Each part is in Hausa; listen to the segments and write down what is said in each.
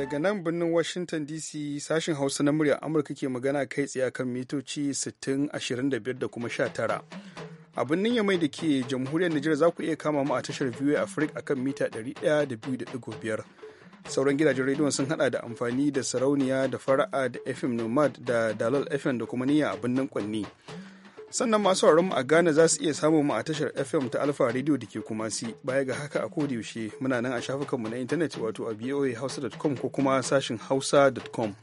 Daga nan birnin Washington DC sashen Hausa na muryar Amurka ke magana kai tsaye kan mitoci 60, da kuma 19. a birnin yamai da ke jamhuriyar Nijar za ku iya kama mu a tashar VOA Africa akan mita 102.5 sauran gidajen rediyon sun hada da amfani da sarauniya da fara'a da FM Nomad da Dalal FM da kuma niyya a birnin Kwanni sannan masu mu a Ghana za su iya samun mu a tashar FM ta Alfa Radio da ke kumasi baya ga haka a yaushe muna nan a shafukanmu na intanet wato a voahausa.com ko kuma sashin hausa.com.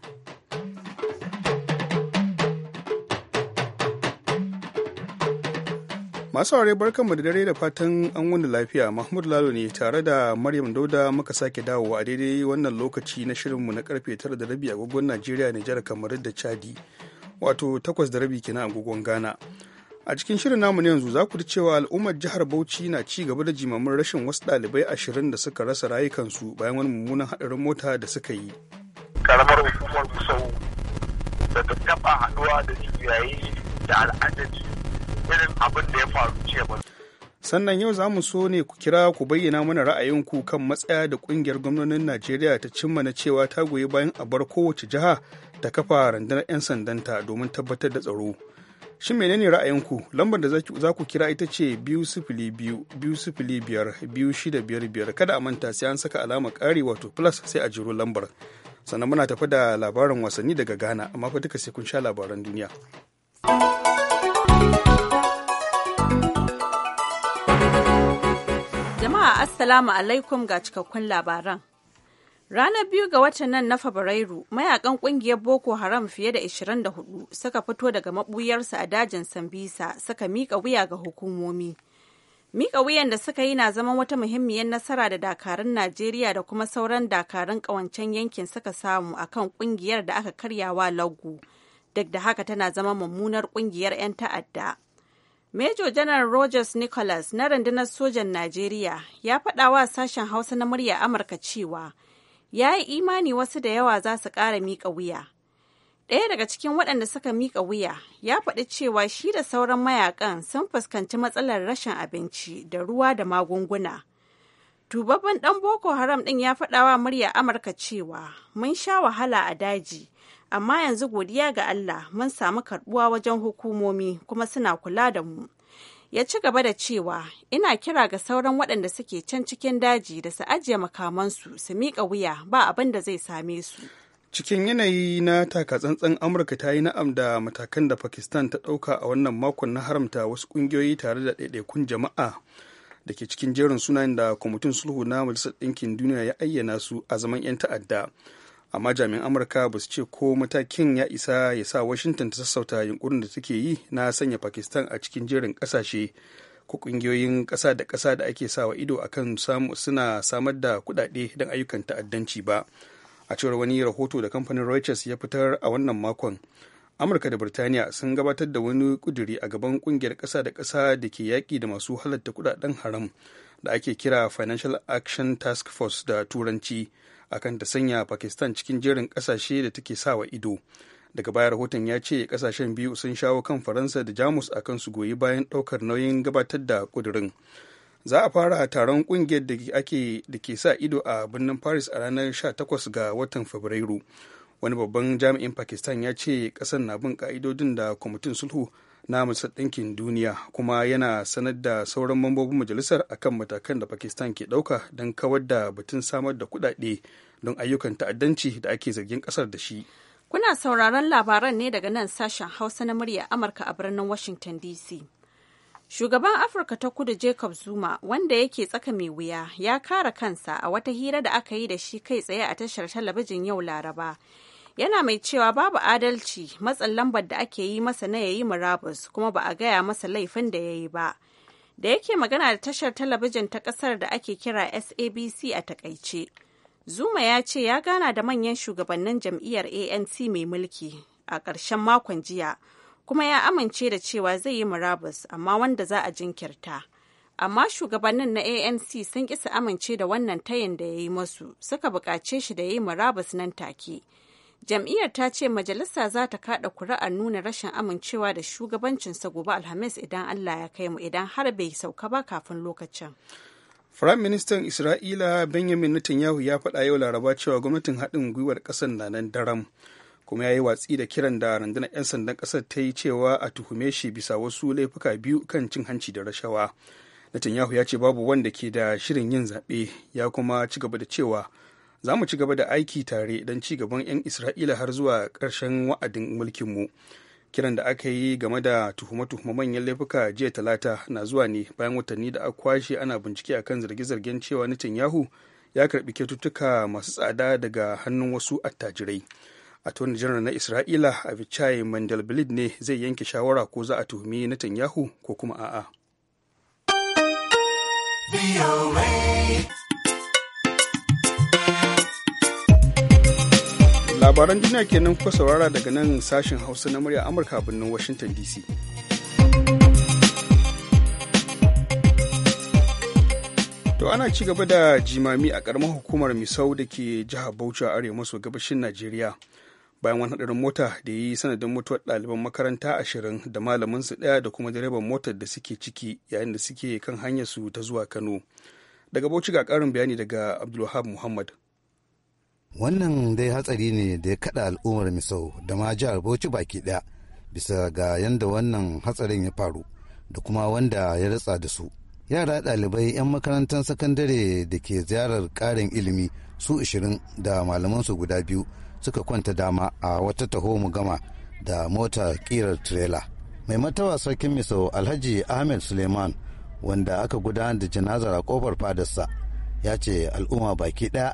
Masu aure barkan mu da dare da fatan an wani lafiya Mahmud Lalo ne tare da Maryam Dauda muka sake dawowa a daidai wannan lokaci na shirinmu na karfe tara da rabi agogon Najeriya Nijar kamar da Chadi wato takwas da rabi kenan agogon Ghana. a cikin shirin namu yanzu za ku ji cewa al'ummar jihar bauchi na ci gaba da jimamin rashin wasu dalibai ashirin da suka rasa rayukansu bayan wani mummunan haɗarin mota da suka yi karamar hukumar musau da ta taɓa haɗuwa da juyayi da al'adaji irin abin da ya faru ce sannan yau za mu so ne ku kira ku bayyana mana ra'ayinku kan matsaya da kungiyar gwamnonin najeriya ta cimma na cewa ta goyi bayan a bar kowace jiha ta kafa rundunar 'yan sandanta domin tabbatar da tsaro Shin menene ra'ayinku? Lambar da za ku kira ita ce biyu sifili biyu biyu sifili biyar biyu shida biyar biyar kada a manta sai an saka alamar ƙari wato plus sai a jiro lambar. Sannan muna tafi da labarin wasanni daga Ghana amma fa duka sai kun sha labaran duniya. Jama'a Assalamu alaikum ga cikakkun labaran. Ranar biyu ga watan nan na Fabrairu, mayakan kungiyar Boko Haram fiye da 24 suka fito daga mabuyarsa a dajin Sambisa suka mika wuya ga hukumomi. Mika wuyan da suka yi na zama wata muhimmiyar nasara da dakarun Najeriya da kuma sauran dakarun kawancen yankin suka samu a kan kungiyar da aka karyawa lagu. Duk da haka tana zama mummunar kungiyar 'yan ta'adda. Major Janar Rogers Nicholas na rundunar sojan Najeriya ya faɗawa sashen Hausa na murya Amurka cewa ya yi imani wasu da yawa za su ƙara miƙa wuya. Ɗaya daga cikin waɗanda suka miƙa wuya ya faɗi cewa shi da sauran mayakan sun fuskanci matsalar rashin abinci da ruwa da magunguna. Tubabban ɗan Boko Haram ɗin ya faɗawa murya Amurka cewa mun sha wahala a daji, amma yanzu godiya ga Allah mun samu karɓuwa wajen hukumomi kuma suna kula da mu. ya ci gaba da cewa ina kira ga sauran waɗanda suke can cikin daji da su ajiye makamansu su miƙa wuya ba abin da zai same su cikin yanayi na takatsantsan amurka ta yi na'am da matakan da pakistan ta ɗauka a wannan makon na haramta wasu ƙungiyoyi tare da ɗaiɗaikun jama'a da ke cikin jerin sunayen da kwamitin sulhu na majalisar ɗinkin duniya ya ayyana su a zaman 'yan ta'adda amma jami'an amurka ba su ce ko matakin ya isa ya sa washington ta sassauta yunkurin da take yi na sanya pakistan a cikin jerin kasashe ko kungiyoyin kasa da kasa da ake sawa ido akan samu suna samar da kudade don ayyukan ta'addanci ba a cewar wani rahoto da kamfanin reuters ya fitar a wannan makon amurka da birtaniya sun gabatar da wani kuduri a gaban kungiyar kasa da kasa da ke yaƙi da masu halatta kudaden haram da ake kira financial action task force da turanci akan ta sanya pakistan cikin jerin kasashe da take sawa ido daga baya rahoton ya ce kasashen biyu sun shawo kan faransa da jamus akan su goyi bayan daukar nauyin gabatar da kudurin za a fara taron kungiyar da ake da ke sa ido a birnin paris a ranar 18 ga watan fabrairu wani babban jami'in pakistan ya ce kasan na bin ka'idodin da kwamitin sulhu na majalisar ɗinkin duniya kuma yana sanar da sauran mambobin majalisar akan matakan da pakistan ke ɗauka don kawar da batun samar da kuɗaɗe don ayyukan ta'addanci da ake zargin ƙasar da shi kuna sauraron labaran ne daga nan sashen hausa na murya amurka a birnin washington dc Shugaban Afirka ta Kudu Jacob Zuma wanda yake tsaka mai wuya ya kara kansa a wata hira da aka yi da shi kai tsaye a tashar talabijin yau Laraba yana mai cewa babu adalci matsin lambar da ake yi masa na yayi murabus kuma ba a gaya masa laifin da ya yi ba da yake magana da tashar talabijin ta kasar da ake kira sabc a takaice zuma ya ce ya gana da manyan shugabannin jam'iyyar anc mai mulki a ƙarshen makon jiya kuma ya amince da cewa zai yi murabus amma wanda za a jinkirta amma shugabannin na anc sun ƙi su amince da wannan tayin da ya yi masu suka buƙace shi da ya yi murabus nan take jam'iyyar ta ce majalisa za ta kada kuri'ar nuna rashin amincewa da shugabancinsa gobe alhamis idan allah ya kai mu idan har bai sauka ba kafin lokacin Firayim Ministan Isra'ila Benjamin Netanyahu ya faɗa yau Laraba cewa gwamnatin haɗin gwiwar ƙasar na nan daram, kuma ya yi watsi da kiran da rundunar 'yan sandan ƙasar ta yi cewa a tuhume shi bisa wasu laifuka biyu kan cin hanci da rashawa. Netanyahu ya ce babu wanda ke da shirin yin zaɓe, ya kuma ci gaba da cewa za mu ci gaba da aiki tare don ci gaban 'yan isra'ila har zuwa ƙarshen wa'adin mulkinmu kiran da aka yi game da tuhume-tuhume manyan laifuka jiya talata na zuwa ne bayan watanni da aka kwashe ana bincike akan zarge-zargen cewa yahu ya karbi kyaututtuka masu tsada daga hannun wasu attajirai A attorney janar na isra'ila avichai mandelblit ne zai yanke shawara ko za a tuhumi yahu ko kuma a'a. labaran duniya kenan kuka saurara daga nan sashen hausa na murya amurka birnin washington dc to ana ci gaba da jimami a karamar hukumar misau da ke jihar bauchi a arewa maso gabashin najeriya bayan wani hadarin mota da ya yi sanadin mutuwar ɗaliban makaranta ashirin da malamin su ɗaya da kuma direban motar da suke ciki yayin da suke kan hanyar su ta zuwa kano daga bauchi ga ƙarin bayani daga abdulwahab muhammad wannan dai hatsari ne da ya kada al'ummar misau da ma jihar bauchi baki daya bisa ga yadda wannan hatsarin ya faru da kuma wanda ya ratsa da su yara ɗalibai 'yan makarantar sakandare da ke ziyarar ƙarin ilimi su 20 da malamansu guda biyu suka kwanta dama a wata taho mu gama da mota ƙirar tirela mai matawa sarkin misau alhaji ahmed suleiman wanda aka gudanar da janazar a kofar fadarsa ya ce al'umma baki ɗaya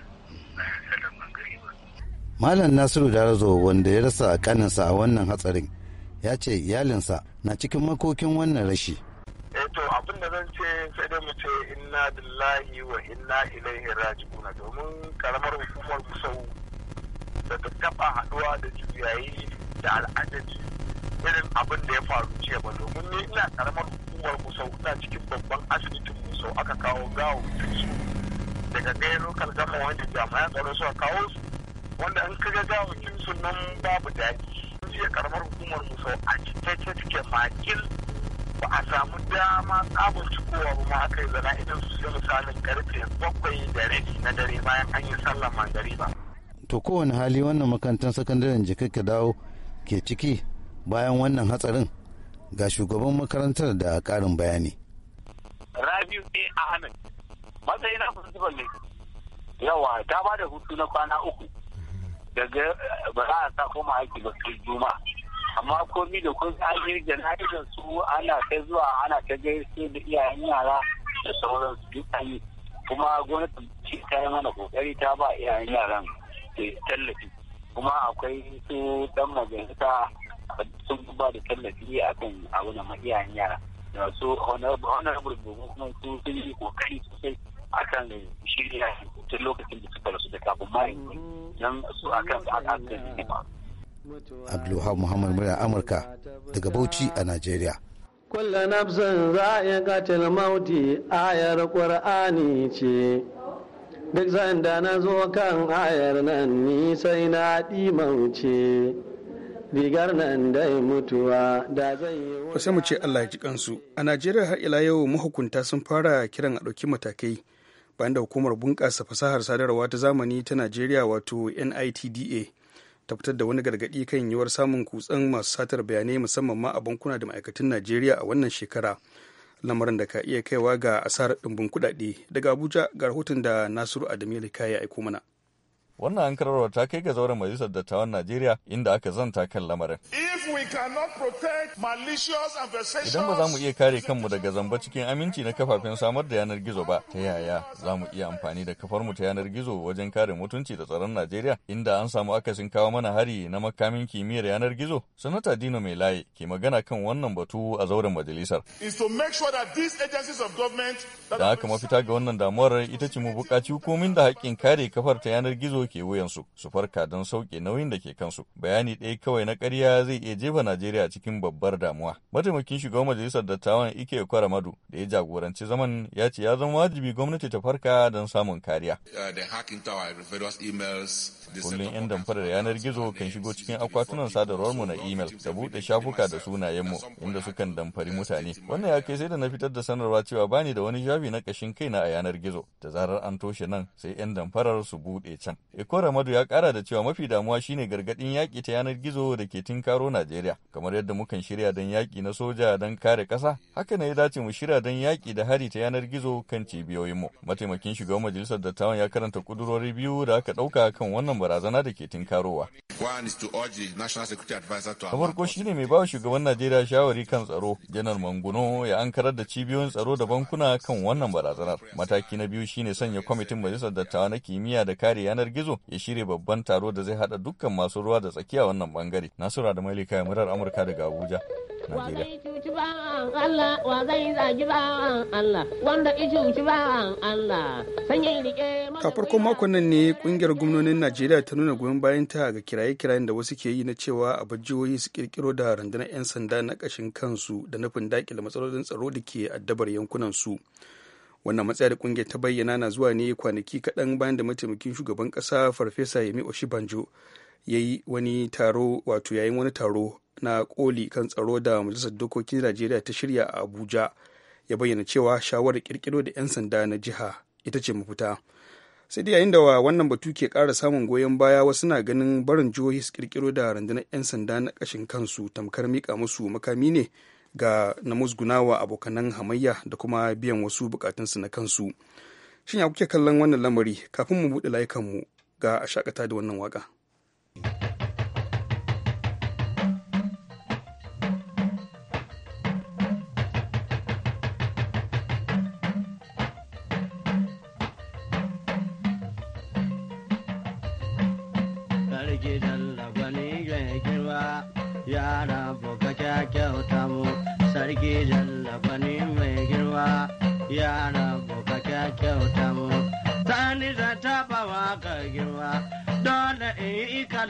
Malam Nasiru Darazo wanda ya rasa kaninsa a wannan hatsarin ya ce iyalinsa na cikin makokin wannan rashi. Eh to abin da zan ce sai dai mu ce inna lillahi wa inna ilaihi raji'un domin karamar hukumar Musau da ta taba haduwa da juyayi da al'adaji irin abin da ya faru ce ba domin ni ina karamar hukumar Musau ina cikin babban asibitin Musau aka kawo gawo su daga ɗaya lokal gama wanda jami'an tsaro suka kawo su wanda in kaga jawakin su nan babu daji sun ce karamar hukumar musa sau a cikakke cike makil ba a samu dama tsabon cikowa ba ma aka yi zana idan su sai misalin karfe bakwai da rabi na dare bayan an yi sallar ba to kowane hali wannan makarantar sakandaren jikakka dawo ke ciki bayan wannan hatsarin ga shugaban makarantar da karin bayani. Rabiu A. Ahmed matsayi na principal ne yawa ta ba da hutu na kwana uku daga eh, ba za a sa koma aiki ba sai juma amma komi da kun an yi jana'izar su ana ta zuwa ana ta gaisu da iyayen yara da sauran su duk an kuma gwamnatin ce ta yi mana kokari ta ba iyayen yaran da tallafi kuma akwai su dan majalisa sun ba da tallafi a kan abu da iyayen yara da su honorable domin kuma sun yi kokari sosai akan shirya tun lokacin da suka rasu da kafin mai mhm. don su akan da aka asiri ba. Muhammad Murya Amurka daga Bauchi a Najeriya. Kulla nafsin katil mauti ayar Qur'ani ce duk sanda na zo kan ayar nan ni sai na ɗimauce rigar nan dai mutuwa da zai yi sai mu ce Allah ya ji kansu a Najeriya har ila yau mahukunta sun fara kiran a ɗauki matakai bayan da hukumar bunƙasa fasahar sadarwa ta zamani ta najeriya wato nitda ta fitar da wani gargaɗi kan yiwuwar samun kutsen masu satar bayanai musamman ma a bankuna da ma'aikatan najeriya a wannan shekara lamarin da ka iya kaiwa ga asarar ɗinbin kuɗaɗe daga abuja ga rahoton da nasiru adamu ya aiko mana Wannan an karar ta kai ga zauren majalisar dattawan Najeriya inda aka zanta kan lamarin. Idan ba za mu iya kare kanmu daga zamba cikin aminci na kafafen samar da yanar gizo ba, ta yaya za mu iya amfani da kafarmu ta yanar gizo wajen kare mutunci da tsaron Najeriya inda an samu akasin kawo mana hari na makamin kimiyyar yanar gizo? Sanata Dino Mai Laye ke magana kan wannan batu a zauren majalisar. Da aka mafita ga wannan damuwar ita ce mu bukaci hukumin da haƙƙin kare kafar ta yanar gizo ke wuyansu su farka don sauke nauyin da ke kansu. Bayani ɗaya kawai na ƙarya zai iya jefa Najeriya cikin babbar damuwa. Mataimakin shugaban majalisar dattawan Ike Kwaramadu da ya jagoranci zaman ya ce ya zama wajibi gwamnati ta farka don samun kariya. Uh, Kullum 'yan damfarar yanar gizo kan shigo cikin akwatunan sadarwar mu na imel da buɗe shafuka da sunayenmu inda sukan damfari mutane. Wannan ya kai sai da na fitar da sanarwa cewa bani da wani shafi na ƙashin kaina a yanar gizo. Da zarar an toshe nan sai 'yan damfarar su buɗe can. Madu ya kara da cewa mafi damuwa shine gargadin yaki ta yanar gizo da ke tinkaro Najeriya, kamar yadda muka shirya dan yaki na soja don kare kasa haka ne ya dace mu shirya dan yaki da hari ta yanar gizo kan mu Mataimakin shugaban majalisar dattawan ya karanta kudurori biyu da aka dauka kan wannan barazana da ke tinkarowa. Na farko shine mai bawa shugaban Najeriya shawari kan tsaro, Janar Manguno ya ankarar da cibiyoyin tsaro da bankuna kan wannan barazanar. Mataki na biyu shine sanya kwamitin majalisar dattawa na kimiyya da kare yanar gizo gizo ya shirya babban taro da zai hada dukkan masu ruwa da tsakiya wannan bangare nasura da malika ya murar amurka daga abuja a farkon makon nan ne kungiyar gwamnonin najeriya ta nuna goyon bayan ta ga kiraye-kirayen da wasu ke yi na cewa a bajiyoyi su kirkiro da rundunar 'yan sanda na kashin kansu da nufin dakile matsalolin tsaro da ke addabar yankunan su wannan matsaya da kungiyar ta bayyana na zuwa ne kwanaki kaɗan bayan da mataimakin shugaban ƙasa farfesa yemi oshibanjo ya yi wani taro wato yayin wani taro na koli kan tsaro da majalisar dokokin najeriya ta shirya a abuja ya bayyana cewa shawarar kirkiro da 'yan sanda na jiha ita ce mafita sai dai yayin da wa wannan batu ke kara samun goyon baya wasu na ganin barin jihohi su kirkiro da rundunar 'yan sanda na ƙashin kansu tamkar mika musu makami ne ga na musgunawa abokanan hamayya da kuma biyan wasu bukatunsu na kansu shin ya kuke kallon wannan lamari kafin mu buɗe layukanmu ga a shakata da wannan waka.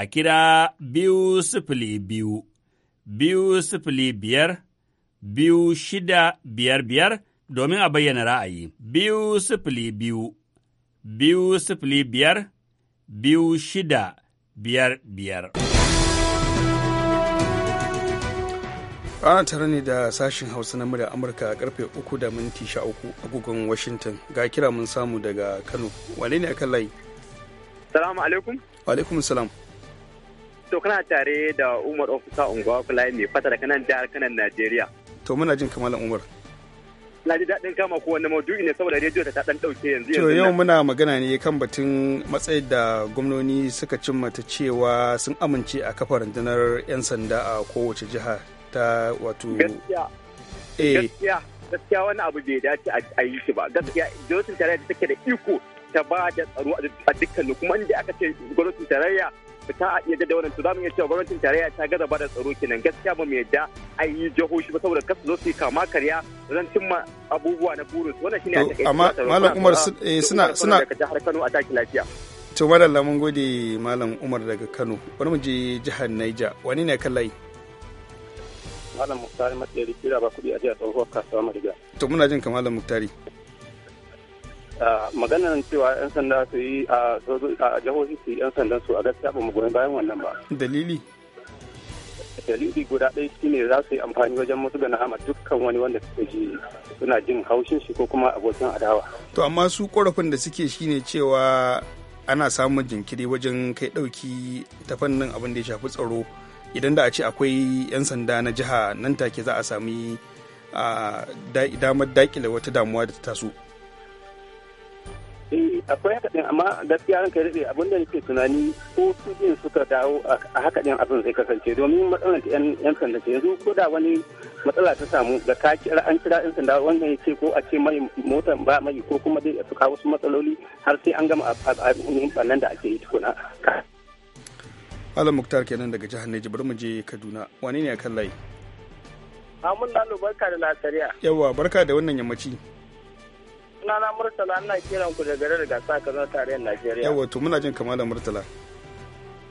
a kira biyu sifili biyu, biyu sifili biyar, biyu shida biyar biyar domin a bayyana ra'ayi. Biyu sifili biyu, biyu sifili biyar, biyu shida biyar biyar. ana tare ne da sashen hausa na murya amurka a karfe 3 da minti 13 agogon washington ga kira mun samu daga kano wane ne akan layi salamu alaikum alaikum salam to kana tare da umar ofisa unguwa kula mai fata da kanan jihar kanan najeriya to muna jin kamar umar na ji daɗin kama ko wani maudu'i ne saboda rediyo ta ɗan ɗauke yanzu to yau muna magana ne kan batun matsayin da gwamnoni suka cimma ta cewa sun amince a kafa rundunar 'yan sanda a kowace jiha ta wato gaskiya eh. gaskiya wani abu bai dace a yi shi ba gaskiya jihohin tarayya da take da iko ta ba da tsaro a dukkanin kuma inda aka ce gwamnatin tarayya ta a iya da wannan to ya iya cewa gwamnatin tarayya ta gaza ba da tsaro kenan gaskiya ba mu yadda a yi jihohi ba saboda kasu zo su yi kama karya zan cimma abubuwa na burus wannan shine a take amma malam Umar eh, suna suna daga jihar Kano a taki lafiya to madalla mun gode malam Umar daga Kano bari mu je jihar naija wani ne kan layi malam Muktari Matsari kira ba kudi a jihar Tsohuwar Kasuwa Madiga to muna jin ka malam Muktari maganar cewa 'yan sanda su yi a jihohi su yi 'yan sandan su a gaskiya ba mu goyi bayan wannan ba. Dalili? Dalili guda ɗaya shi ne za su yi amfani wajen musu da na'ama dukkan wani wanda suke ji suna jin haushin shi ko kuma abokin adawa. To amma su korafin da suke ne cewa ana samun jinkiri wajen kai ɗauki ta fannin abin da ya shafi tsaro idan da a ce akwai 'yan sanda na jiha nan take za a sami damar dakile wata damuwa da ta taso. eh akwai haka din amma gaskiya ran kai daɗe abinda nake tunani ko su din suka dawo a haka din abin zai kasance domin matsalar yan yan sanda ce yanzu ko da wani matsala ta samu da ka kira an kira yan sanda wanda ya ce ko a ce mai motar ba mai ko kuma dai su kawo wasu matsaloli har sai an gama yin nan da ake yi tukuna Alam Muktar kenan daga jihar Neji bari mu je Kaduna wani ne a kan layi? Amun Lalo barka da lasariya. Yawwa barka da wannan yammaci. sunana Murtala ana kiran ku da garin ka zama tarihin Najeriya. Yawwa to muna jin da Murtala.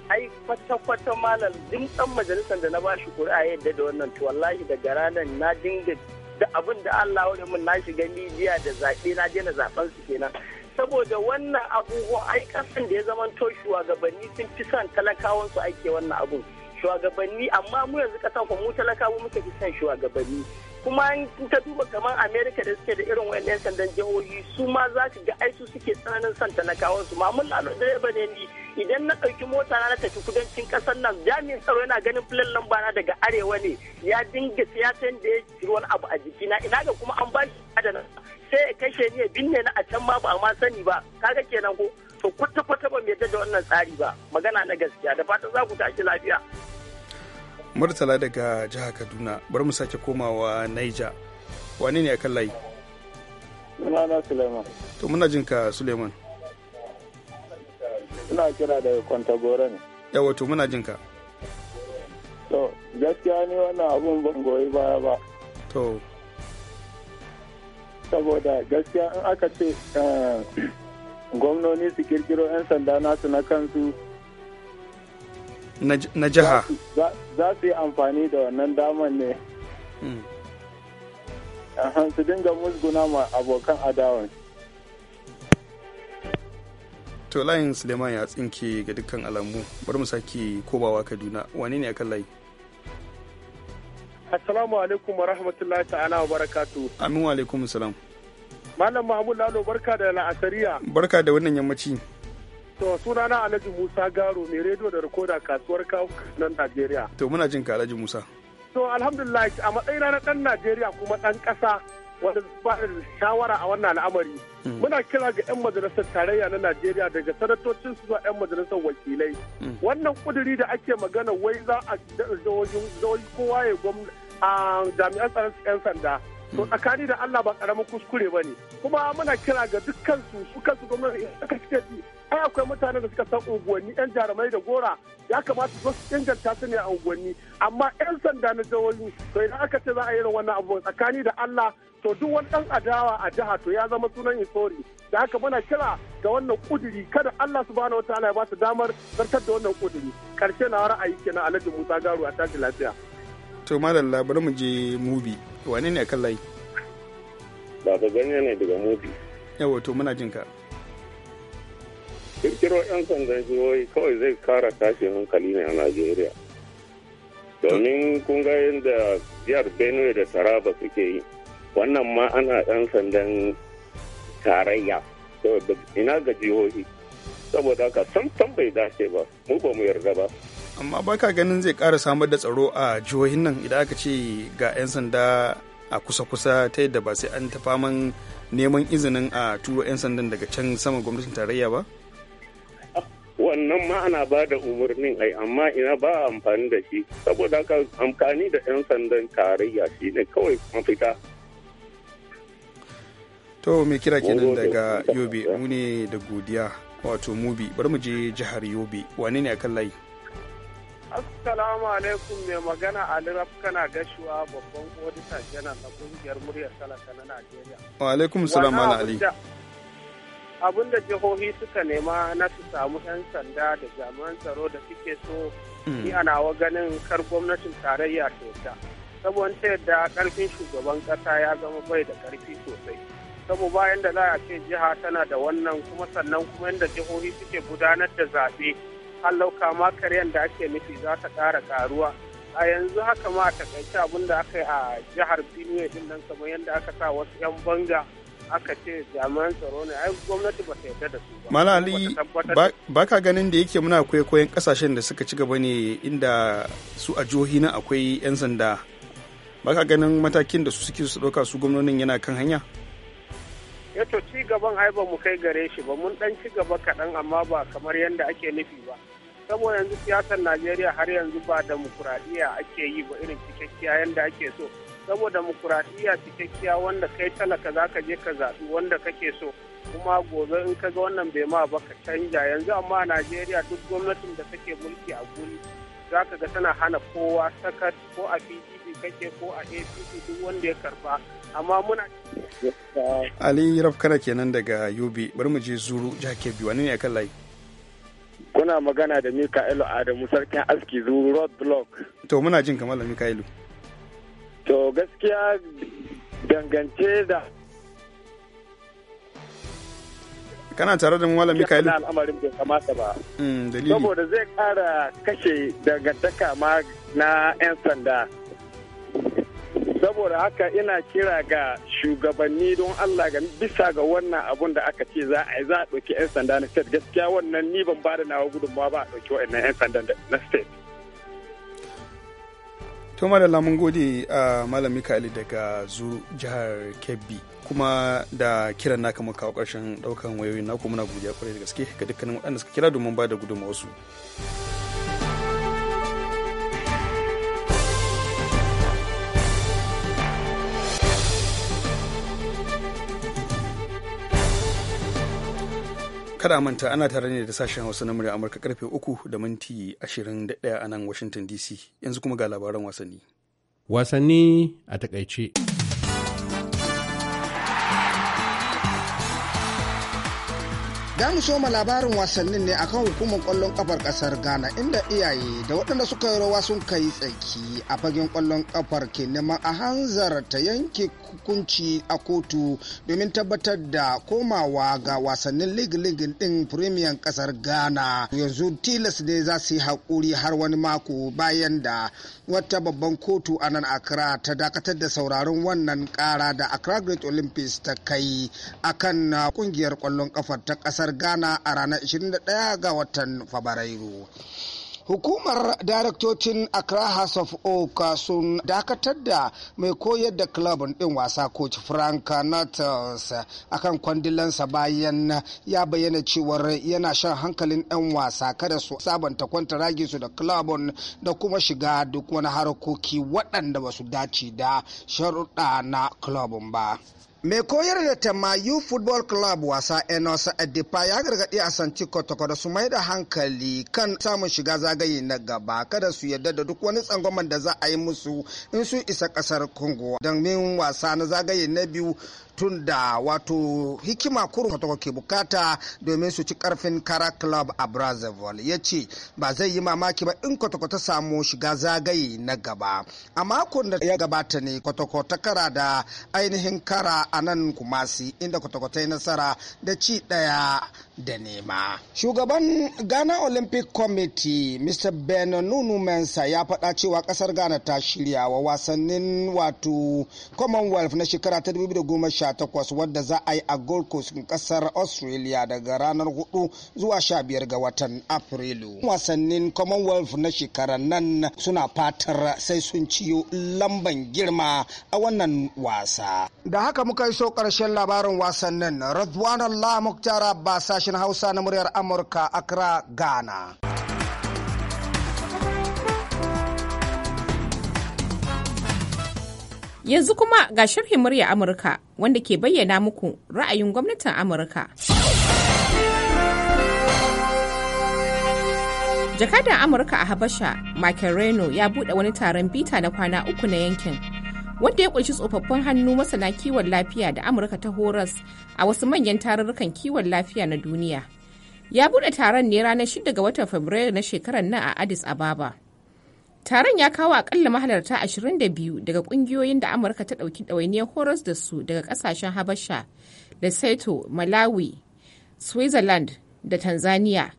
Ai kwata-kwata malam jin ɗan majalisar da na ba shi kuri'a yadda da wannan to wallahi daga ranar na dinga da abin da Allah wani mun na shiga midiya da zaɓe na je na zaɓen su kenan. Saboda wannan abubuwan ai kasan da ya to shugabanni sun fi son talakawansu ake wannan abun. Shugabanni amma mu yanzu ƙasan mu talakawa muka fi son shugabanni. kuma in ka duba kamar america da suke da irin wayannan sandan jihohi su ma za ka ga aisu suke tsananin son talakawan su mamun lalo ba ne ni idan na ɗauki mota na tafi kudancin ƙasar nan jami'in tsaro yana ganin filan lamba na daga arewa ne ya dinga siyasan da ya jiri wani abu a jikina ina ga kuma an ba shi adana sai ya kashe ni ya binne na a can ma ba ma sani ba kaga kenan ko to kwata-kwata ba mai da wannan tsari ba magana na gaskiya da fatan za ku tashi lafiya. murtala daga jihar kaduna bari mu sake komawa naija wane ne a kan layi sunana suleiman to muna jin ka suleiman suna kira daga gora ne yawa to muna jin ka to gaskiya ni wannan abun ban goyi baya ba to saboda gaskiya in aka ce eh, gwamnoni su kirkiro 'yan sanda nasu na kansu na jiha za su yi amfani da wannan daman ne hmm. su dinga musguna ma abokan adawan to layin suleiman ya tsinke ga dukkan alamu bari mu sake kobawa kaduna wane ne akan layi assalamu alaikum wa rahmatullahi ta'ala wa barakatu amin wa alaikum salam malam mahmud lalo barka da la'asariya barka da wannan yammaci To Alhaji Musa Garo mai rediyo da rikoda kasuwar kawo nan Najeriya. To muna jin ka Alhaji Musa. To alhamdulillah a matsayina na ɗan Najeriya kuma ɗan ƙasa wanda ba da shawara a wannan al'amari. Mm. Muna kira ga 'yan majalisar tarayya na Najeriya daga sanatocin su zuwa 'yan majalisar wakilai. Mm. Wannan kuduri da ake magana wai za a jihohi kowa ya a jami'an tsaron 'yan sanda. to mm. tsakani da Allah ba karamin kuskure ba ne kuma muna kira ga dukkan su su kansu gwamnati ai akwai mutanen da suka san unguwanni yan jarumai da gora ya kamata su su inganta su ne a unguwanni amma yan sanda na jihohi to idan aka ce za a yi irin wannan abu tsakani da Allah to duk wani dan adawa a jiha to ya zama sunan isori da haka muna kira ga wannan kuduri kada Allah subhanahu wataala ya ba su damar zartar da wannan kuduri karshe na ra'ayi kenan Alhaji Musa Garu a tashi lafiya to madalla bari mu je mubi wani ne kan layi baba ganye ne daga mubi yawa to muna jin ka kirkiro 'yan sandan jihohi kawai zai kara tashin hankali ne a najeriya domin kun ga yadda jihar benue da taraba suke yi wannan ma ana yan sandan tarayya ina ga jihohi saboda haka samsam bai dace ba mu ba mu yarda ba amma ba ka ganin zai kara samar da tsaro a jihohin nan idan aka ce ga 'yan sanda a kusa-kusa ta yadda ba sai an ta faman neman izinin a turo 'yan sandan daga can sama gwamnatin tarayya ba? wannan ma ana ba da umarnin ai amma ina ba amfani da shi saboda haka amfani da 'yan sandan tarayya shi ne kawai mafita to mai kira kenan daga yobe mu ne da godiya wato mubi bari mu je jihar yobe wane ne akan layi assalamu alaikum mai magana ali kana gashuwa babban odita janar na kungiyar muryar talaka na najeriya wa alaikum salam ali abin da jihohi suka nema na su samu 'yan sanda da jami'an tsaro da suke so hmm. ni a nawa ganin kar gwamnatin tarayya ta saboda ta yadda karfin shugaban kasa ya zama bai da karfi sosai saboda bayan da za a ce jiha tana da wannan kuma sannan kuma yadda jihohi suke gudanar da zaɓe lauka ma karyan da ake nufi za ta ƙara karuwa a yanzu haka ma a takaice abin da aka yi a jihar benue din nan kamar yadda aka sa wasu 'yan banga aka ce jami'an tsaro ne ai gwamnati ba ta yarda da su ba malali ba ka ganin da yake muna kwaikwayon kasashen da suka ci gaba ne inda su a jihohi na akwai 'yan sanda ba ka ganin matakin da su suke su ɗauka su gwamnonin yana kan hanya ya eh, to ci gaban ai mu kai gare shi ba mun dan ci gaba kaɗan amma ba kamar yadda ake nufi ba saboda yanzu siyasar najeriya har yanzu ba demokuraɗiyya ake yi ba irin cikakkiya yadda ake so saboda mukuraɗiyya cikakkiya wanda kai talaka za ka je ka zaɓi wanda kake so kuma gobe in ka ga wannan bai ma ba ka canja yanzu amma a najeriya duk gwamnatin da take mulki a guri za ka ga tana hana kowa sakat ko a pdp kake ko a apc duk wanda ya karba amma muna ali kana kenan daga ub bari mu je zuru jake biyu wani ne akan layi kuna magana da mika'ilu adamu sarkin aski zuru road block to muna jin kamar mika'ilu To gaskiya dangance da kana tare da Malam Mikael na al'amarin bai kamata ba. Mm, Saboda zai kara kashe dangantaka ma na 'yan sanda. Saboda haka ina kira ga shugabanni don Allah ga bisa ga wannan abun da aka ce za a yi za a ɗauki 'yan sanda na state gaskiya wannan ni ban ba da nawa gudunmawa ba a ɗauki wa'annan 'yan sanda na state. toma da lamun gode a malam mika'il daga zu jihar kebbi kuma da kiran naka muka kawo ƙarshen ɗaukan wayoyin naku muna godiya kwarai da gaske ga dukkanin waɗanda suka kira domin ba da gudunmawarsu. kada manta ana tare ne da sashen hausa na murya amurka karfe uku da minti 21 a nan washington dc yanzu kuma ga labaran wasanni wasanni a takaice Da mu soma labarin wasannin ne akan hukumar kwallon kafar kasar Ghana inda iyaye da waɗanda suka yi rawa sun kai tsaki a fagen kwallon kafar ke neman a hanzarta yanke hukunci a kotu domin tabbatar da komawa ga wasannin league-league ɗin premium kasar Ghana. Yanzu tilas ne za su yi haƙuri har wani mako bayan da wata babban kotu a nan Accra ta dakatar da sauraron wannan ƙara da Accra Great Olympics ta kai akan kungiyar kwallon kafar ta kasar kasar ghana a ranar 21 ga watan fabrairu hukumar daraktocin accra house of oak sun dakatar da mai koyar da club din wasa coach frank nuttles akan kwandilansa bayan ya bayyana cewar yana shan hankalin 'yan wasa kada su sabanta kwantaragi su da club da kuma shiga duk wani harkoki waɗanda ba su dace da sharuɗa na club ba mai koyar da tamayu football club wasa enos adipa ya gargaɗi a santi kwatakwata su mai da hankali kan samun shiga zagaye na gaba kada su yarda da duk wani tsangwaman da za a yi musu in su isa ƙasar congo domin wasa na zagaye na biyu da wato hikima kurun kwatakwa ke bukata domin su ci karfin kara club a brazzaville ya ce ba zai yi mamaki ba in kwata ta samu shiga zagaye na gaba a makon da ya gabata ne kwata ta kara da ainihin kara a nan kumasi inda kwata ta yi nasara da ci daya da nema shugaban ghana olympic committee mr ben nunu mensa ya faɗa cewa ƙasar ghana ta shirya wa wasannin wato commonwealth na shekara ta 2018 wadda za a yi a gold coast ƙasar australia daga ranar 4 zuwa 15 ga watan afrilu wasannin commonwealth na shekara nan suna fatar sai sun ciyo lamban girma a wannan wasa da haka muka so ƙarshen labarin wasannin radwan allah ba abbas sashen Hausa na muryar Amurka Accra, Ghana. Yanzu kuma ga sharhin murya Amurka wanda ke bayyana muku ra'ayin gwamnatin Amurka. Jakadan Amurka a Habasha, Michael Reno ya buɗe wani taron bita na kwana uku na yankin wanda ya kunshi tsofaffin hannu masana kiwon lafiya da amurka ta horas a wasu manyan tarurrukan kiwon lafiya na duniya ya bude taron ne ranar 6 ga watan fabrairu na shekarar nan a addis ababa taron ya kawo akalla mahalarta 22 daga kungiyoyin da amurka ta dauki ɗawainiyar horas da su daga kasashen habasha lesotho malawi switzerland da tanzania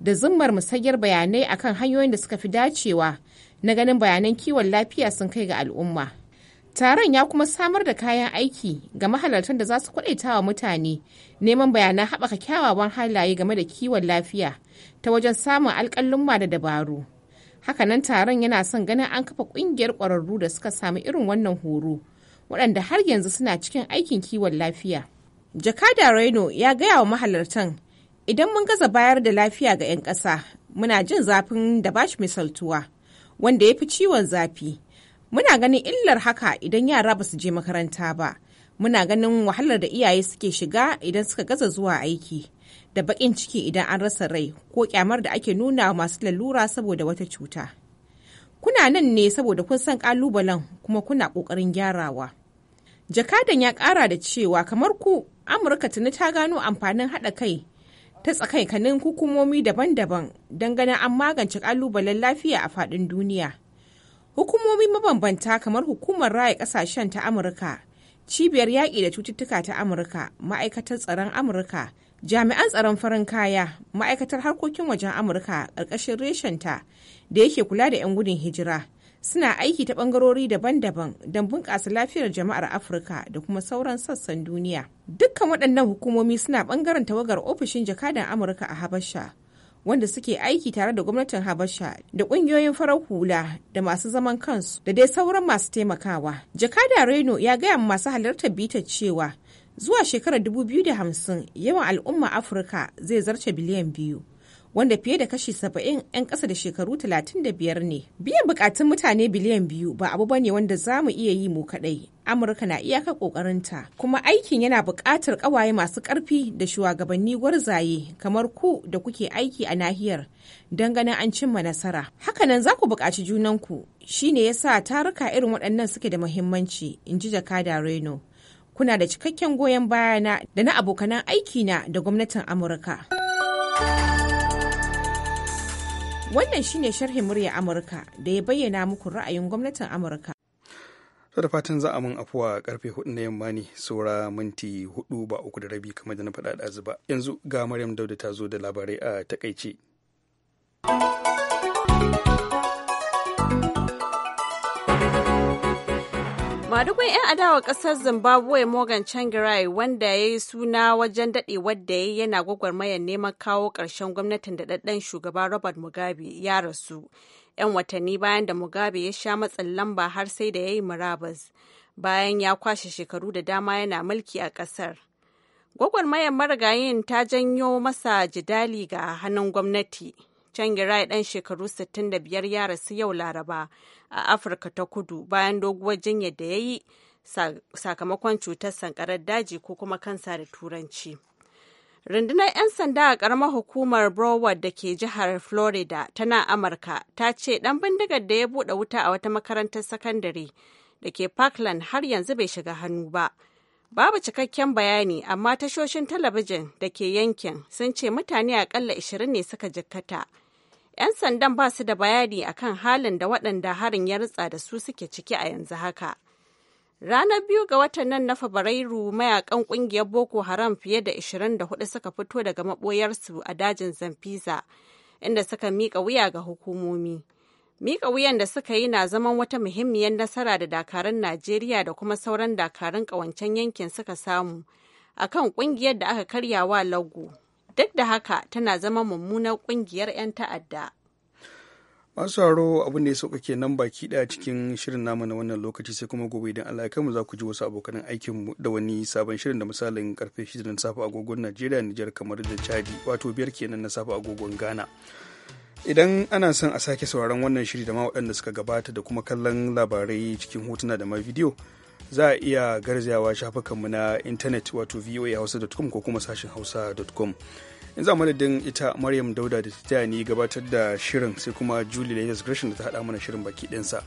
da zummar musayar bayanai akan hanyoyin da suka fi dacewa na ganin bayanan kiwon lafiya sun kai ga al'umma Taron ya kuma samar da kayan aiki ga mahalartan da za su wa mutane neman bayanan haɓaka kyawawan halaye game da kiwon lafiya ta wajen samun alƙalumma da dabaru. Hakanan taron yana son ganin an kafa ƙungiyar ƙwararru da suka samu irin wannan horo waɗanda har yanzu suna cikin aikin kiwon lafiya. Jakada Reno ya gaya wa mahalartan idan mun gaza bayar da lafiya ga 'yan ƙasa muna jin zafin da bashi misaltuwa wanda ya fi ciwon zafi. Muna ganin illar haka idan yara ba su je makaranta ba. Muna ganin wahalar da iyaye suke shiga idan suka gaza zuwa aiki. Da baƙin ciki idan an rasa rai ko kyamar da ake nuna masu lalura saboda wata cuta. Kuna nan ne saboda kun san ƙalubalen kuma kuna ƙoƙarin gyarawa. Jakadan ya ƙara da cewa kamar ku Amurka tuni ta gano amfanin haɗa kai ta tsakankanin hukumomi daban-daban don ganin an magance ƙalubalen lafiya a faɗin duniya. Hukumomi mabambanta kamar Hukumar Raya kasashen ta Amurka, Cibiyar Yaƙi da Cututtuka ta Amurka, Ma'aikatar Tsaron Amurka, Jami'an Tsaron Farin Kaya, Ma'aikatar Harkokin Wajen Amurka ƙarƙashin reshenta da yake kula da 'yan gudun hijira. Suna aiki ta ɓangarori daban-daban don bunƙasa lafiyar jama'ar Afirka da kuma sauran sassan duniya. Dukkan waɗannan hukumomi suna ɓangaren tawagar ofishin jakadan Amurka a Habasha. wanda suke aiki tare da gwamnatin habasha da kungiyoyin farar hula da masu zaman kansu da dai sauran masu taimakawa jakada reno ya gaya masu halartar bitar cewa zuwa shekarar 2050 yawan al'umma afirka zai zarce biliyan biyu wanda fiye da kashi saba'in 'yan ƙasa da shekaru 35 ne. Biyan bukatun mutane biliyan biyu ba abu bane wanda za mu iya yi mu kaɗai. Amurka na iyaka ƙoƙarinta, kuma aikin yana buƙatar ƙawaye masu ƙarfi da shugabanni gwarzaye kamar ku da kuke aiki a nahiyar don ganin an cimma nasara. Hakanan za ku buƙaci junanku, shi ne ya sa taruka irin waɗannan suke da muhimmanci, in ji jakada Reno. Kuna da cikakken goyon bayana da na abokanan aiki na da gwamnatin Amurka. Wannan shine sharhin murya Amurka da ya bayyana muku ra'ayin gwamnatin Amurka. da fatan za a mun afuwa karfe hudu na yamma ne saura minti hudu ba uku da rabi kamar da na faɗa ɗazu ba yanzu ga maryam dauda ta zo da labarai a takaice Madugun 'yan adawa ƙasar Zimbabwe Morgan Changirai wanda ya yi suna wajen daɗe da ya yana gwagwarmayar neman kawo ƙarshen gwamnatin daɗaɗɗen shugaba Robert Mugabe ya rasu. 'Yan watanni bayan da Mugabe ya sha matsin lamba har sai da ya yi murabas bayan ya kwashe shekaru da dama yana mulki a ƙasar. Gwagwarmayar marigayin ta janyo masa jidali ga hannun gwamnati Changirai ɗan shekaru 65 ya rasu yau Laraba a Afirka ta kudu bayan doguwar jinya da ya yi sakamakon cutar sankarar daji ko kuma kansa da turanci. Rundunar 'yan sanda a ƙaramar hukumar Broward da ke jihar Florida tana Amurka ta ce ɗan bindigar da ya buɗe wuta a wata makarantar sakandare da ke Parkland har yanzu bai shiga hannu ba. Babu cikakken bayani, amma tashoshin talabijin da ke yankin sun ce mutane akalla 20 ne suka jikkata. 'Yan sandan ba su da bayani akan halin da waɗanda harin ya rutsa da su suke ciki a yanzu haka. Ranar biyu ga watan nan na Fabrairu mayakan ƙungiyar Boko Haram fiye da 24 suka fito daga maɓoyarsu a dajin Zamfisa, inda suka miƙa wuya ga hukumomi. Miƙa wuyan da suka yi na zaman wata muhimmiyar nasara da dakarun Najeriya da kuma sauran dakarun ƙawancen yankin suka samu. akan ƙungiyar da aka karya wa lagu duk da haka tana zama mummunar kungiyar 'yan ta'adda masu haro abin da ya sauka kenan baki ɗaya cikin shirin namu na wannan lokaci sai kuma gobe idan Allah ya kai mu za ku ji wasu abokan aikin da wani sabon shirin da misalin karfe 6 na safe agogon Najeriya Nijar kamar da Chadi wato biyar kenan na safe agogon Ghana idan ana son a sake sauraron wannan shiri da ma waɗanda suka gabata da kuma kallon labarai cikin hotuna da ma bidiyo za a iya garzayawa shafukanmu na intanet wato voahausa.com ko kuma sashen hausa.com yanzu a madadin ita maryam dauda da ta ni gabatar da shirin sai kuma julie ladies gresham da ta haɗa mana shirin baki ɗinsa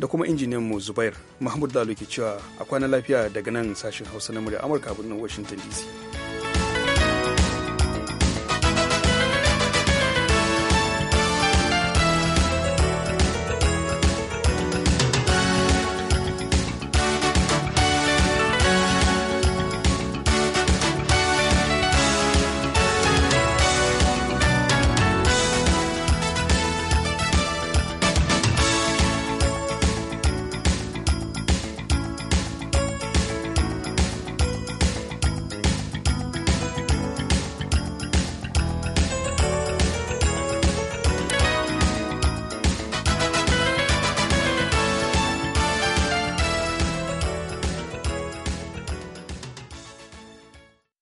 da kuma injiniyan mu zubair mahmud lalo ke cewa a kwana lafiya daga nan sashen hausa na murya amurka a birnin washington dc